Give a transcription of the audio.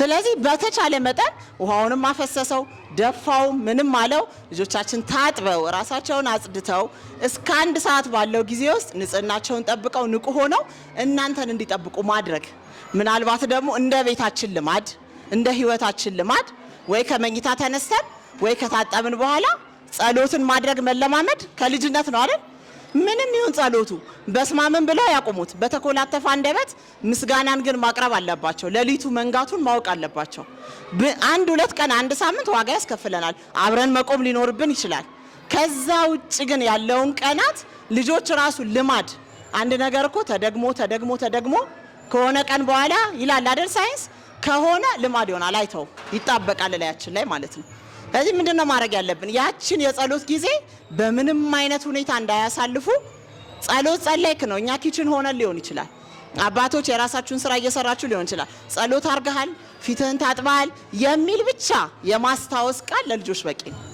ስለዚህ በተቻለ መጠን ውሃውንም አፈሰሰው ደፋው፣ ምንም አለው ልጆቻችን ታጥበው ራሳቸውን አጽድተው እስከ አንድ ሰዓት ባለው ጊዜ ውስጥ ንጽህናቸውን ጠብቀው ንቁ ሆነው እናንተን እንዲጠብቁ ማድረግ ምናልባት ደግሞ እንደ ቤታችን ልማድ እንደ ህይወታችን ልማድ ወይ ከመኝታ ተነስተን ወይ ከታጠብን በኋላ ጸሎትን ማድረግ መለማመድ ከልጅነት ነው አይደል? ምንም ይሁን ጸሎቱ በስማምን ብለው ያቆሙት በተኮላተፈ አንደበት ምስጋናን ግን ማቅረብ አለባቸው። ሌሊቱ መንጋቱን ማወቅ አለባቸው። አንድ ሁለት ቀን አንድ ሳምንት ዋጋ ያስከፍለናል። አብረን መቆም ሊኖርብን ይችላል። ከዛ ውጭ ግን ያለውን ቀናት ልጆች ራሱ ልማድ አንድ ነገር እኮ ተደግሞ ተደግሞ ተደግሞ ከሆነ ቀን በኋላ ይላል አደል ሳይንስ ከሆነ ልማድ ይሆናል። አይተው ይጣበቃል ላያችን ላይ ማለት ነው። እዚህ ምንድን ነው ማድረግ ያለብን? ያችን የጸሎት ጊዜ በምንም አይነት ሁኔታ እንዳያሳልፉ። ጸሎት ጸለይክ ነው። እኛ ኪችን ሆነን ሊሆን ይችላል፣ አባቶች የራሳችሁን ስራ እየሰራችሁ ሊሆን ይችላል። ጸሎት አርገሃል፣ ፊትህን ታጥበሃል የሚል ብቻ የማስታወስ ቃል ለልጆች በቂ ነው።